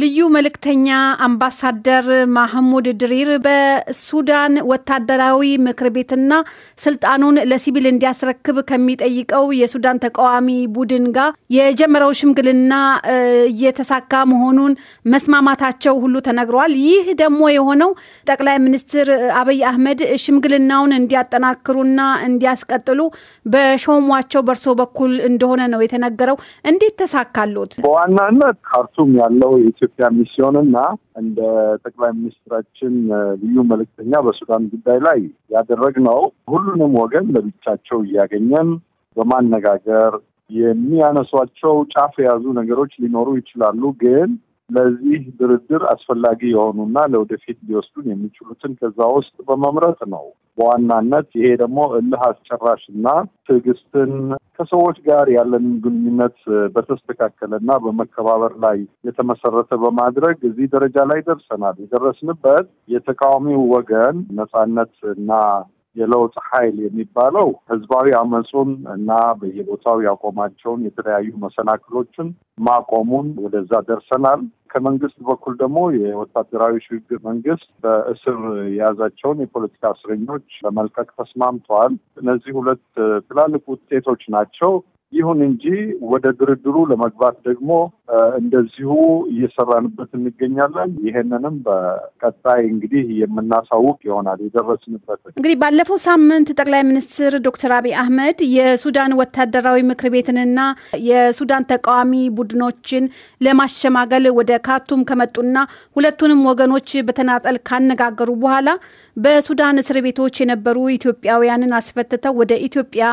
ልዩ መልእክተኛ አምባሳደር ማህሙድ ድሪር በሱዳን ወታደራዊ ምክር ቤትና ስልጣኑን ለሲቪል እንዲያስረክብ ከሚጠይቀው የሱዳን ተቃዋሚ ቡድን ጋር የጀመረው ሽምግልና እየተሳካ መሆኑን መስማማታቸው ሁሉ ተነግሯል። ይህ ደግሞ የሆነው ጠቅላይ ሚኒስትር አብይ አህመድ ሽምግልናውን እንዲያጠናክሩና እንዲያስቀጥሉ በሾሟቸው በእርሶ በኩል እንደሆነ ነው የተነገረው። እንዴት ተሳካሉት? በዋናነት ካርቱም ያለው የኢትዮጵያ ሚስዮን እና እንደ ጠቅላይ ሚኒስትራችን ልዩ መልእክተኛ በሱዳን ጉዳይ ላይ ያደረግነው ሁሉንም ወገን ለብቻቸው እያገኘን በማነጋገር የሚያነሷቸው ጫፍ የያዙ ነገሮች ሊኖሩ ይችላሉ ግን ለዚህ ድርድር አስፈላጊ የሆኑና ለወደፊት ሊወስዱን የሚችሉትን ከዛ ውስጥ በመምረጥ ነው በዋናነት። ይሄ ደግሞ እልህ አስጨራሽና ትዕግስትን ከሰዎች ጋር ያለንን ግንኙነት በተስተካከለ እና በመከባበር ላይ የተመሰረተ በማድረግ እዚህ ደረጃ ላይ ደርሰናል። የደረስንበት የተቃዋሚው ወገን ነጻነት እና የለውጥ ኃይል የሚባለው ህዝባዊ አመፁን እና በየቦታው ያቆማቸውን የተለያዩ መሰናክሎችን ማቆሙን ወደዛ ደርሰናል። ከመንግስት በኩል ደግሞ የወታደራዊ ሽግግር መንግስት በእስር የያዛቸውን የፖለቲካ እስረኞች ለመልቀቅ ተስማምተዋል። እነዚህ ሁለት ትላልቅ ውጤቶች ናቸው። ይሁን እንጂ ወደ ድርድሩ ለመግባት ደግሞ እንደዚሁ እየሰራንበት እንገኛለን። ይሄንንም በቀጣይ እንግዲህ የምናሳውቅ ይሆናል የደረስንበት። እንግዲህ ባለፈው ሳምንት ጠቅላይ ሚኒስትር ዶክተር አብይ አህመድ የሱዳን ወታደራዊ ምክር ቤትንና የሱዳን ተቃዋሚ ቡድኖችን ለማሸማገል ወደ ካርቱም ከመጡና ሁለቱንም ወገኖች በተናጠል ካነጋገሩ በኋላ በሱዳን እስር ቤቶች የነበሩ ኢትዮጵያውያንን አስፈትተው ወደ ኢትዮጵያ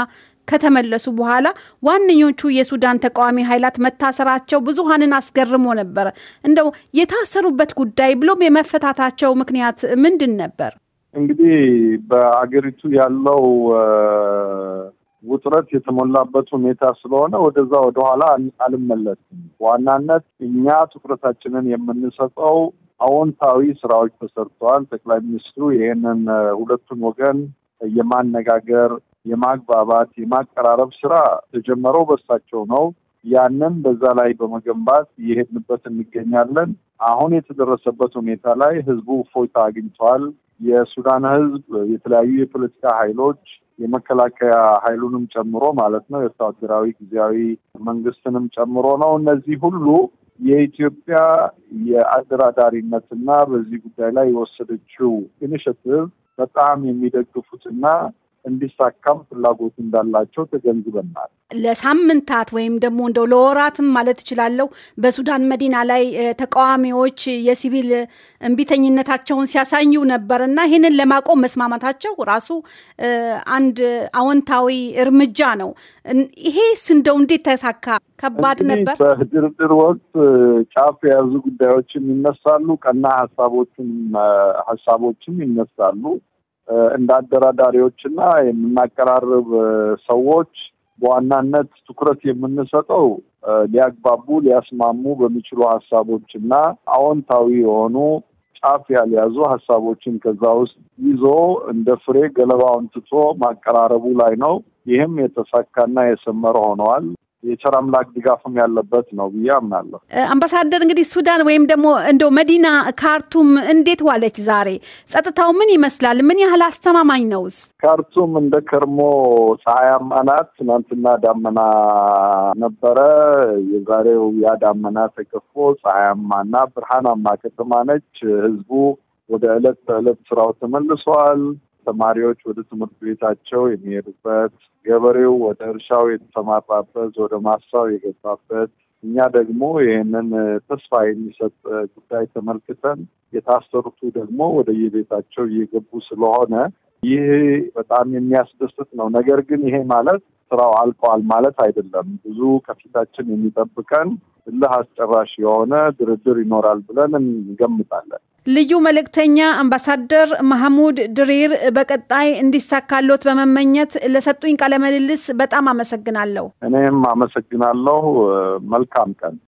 ከተመለሱ በኋላ ዋነኞቹ የሱዳን ተቃዋሚ ኃይላት መታሰራቸው ብዙሀንን አስገርሞ ነበር። እንደው የታሰሩበት ጉዳይ ብሎም የመፈታታቸው ምክንያት ምንድን ነበር? እንግዲህ በአገሪቱ ያለው ውጥረት የተሞላበት ሁኔታ ስለሆነ ወደዛ ወደኋላ አልመለስም። ዋናነት እኛ ትኩረታችንን የምንሰጠው አዎንታዊ ስራዎች ተሰርተዋል። ጠቅላይ ሚኒስትሩ ይህንን ሁለቱን ወገን የማነጋገር የማግባባት የማቀራረብ ስራ ተጀመረው በሳቸው ነው። ያንን በዛ ላይ በመገንባት እየሄድንበት እንገኛለን። አሁን የተደረሰበት ሁኔታ ላይ ህዝቡ እፎይታ አግኝተዋል። የሱዳን ህዝብ የተለያዩ የፖለቲካ ኃይሎች የመከላከያ ኃይሉንም ጨምሮ ማለት ነው የወታደራዊ ጊዜያዊ መንግስትንም ጨምሮ ነው። እነዚህ ሁሉ የኢትዮጵያ የአደራዳሪነትና በዚህ ጉዳይ ላይ የወሰደችው ኢኒሽቲቭ በጣም የሚደግፉትና እንዲሳካም ፍላጎቱ እንዳላቸው ተገንዝበናል። ለሳምንታት ወይም ደግሞ እንደው ለወራትም ማለት እችላለሁ በሱዳን መዲና ላይ ተቃዋሚዎች የሲቪል እምቢተኝነታቸውን ሲያሳዩ ነበር እና ይህንን ለማቆም መስማማታቸው ራሱ አንድ አዎንታዊ እርምጃ ነው። ይሄስ እንደው እንዴት ተሳካ? ከባድ ነበር። በድርድር ወቅት ጫፍ የያዙ ጉዳዮችም ይነሳሉ፣ ቀና ሀሳቦችም ሀሳቦችም ይነሳሉ። እንደ አደራዳሪዎች እና የምናቀራርብ ሰዎች በዋናነት ትኩረት የምንሰጠው ሊያግባቡ ሊያስማሙ በሚችሉ ሀሳቦች እና አዎንታዊ የሆኑ ጫፍ ያልያዙ ሀሳቦችን ከዛ ውስጥ ይዞ እንደ ፍሬ ገለባውን ትቶ ማቀራረቡ ላይ ነው። ይህም የተሳካና የሰመረ ሆነዋል። የቸር አምላክ ድጋፍም ያለበት ነው ብዬ አምናለሁ። አምባሳደር እንግዲህ ሱዳን ወይም ደግሞ እንደ መዲና ካርቱም እንዴት ዋለች ዛሬ? ጸጥታው ምን ይመስላል? ምን ያህል አስተማማኝ ነውስ? ካርቱም እንደ ከርሞ ፀሐያማ ናት። ትናንትና ዳመና ነበረ። የዛሬው ያ ዳመና ተገፎ ፀሐያማና ብርሃናማ ከተማ ነች። ህዝቡ ወደ ዕለት ተዕለት ስራው ተመልሷል። ተማሪዎች ወደ ትምህርት ቤታቸው የሚሄዱበት፣ ገበሬው ወደ እርሻው የተሰማራበት፣ ወደ ማሳው የገባበት እኛ ደግሞ ይህንን ተስፋ የሚሰጥ ጉዳይ ተመልክተን የታሰሩቱ ደግሞ ወደ የቤታቸው እየገቡ ስለሆነ ይህ በጣም የሚያስደስት ነው። ነገር ግን ይሄ ማለት ስራው አልቀዋል ማለት አይደለም። ብዙ ከፊታችን የሚጠብቀን እልህ አስጨራሽ የሆነ ድርድር ይኖራል ብለን እንገምታለን። ልዩ መልእክተኛ አምባሳደር ማህሙድ ድሪር በቀጣይ እንዲሳካሎት በመመኘት ለሰጡኝ ቃለ ምልልስ በጣም አመሰግናለሁ። እኔም አመሰግናለሁ። መልካም ቀን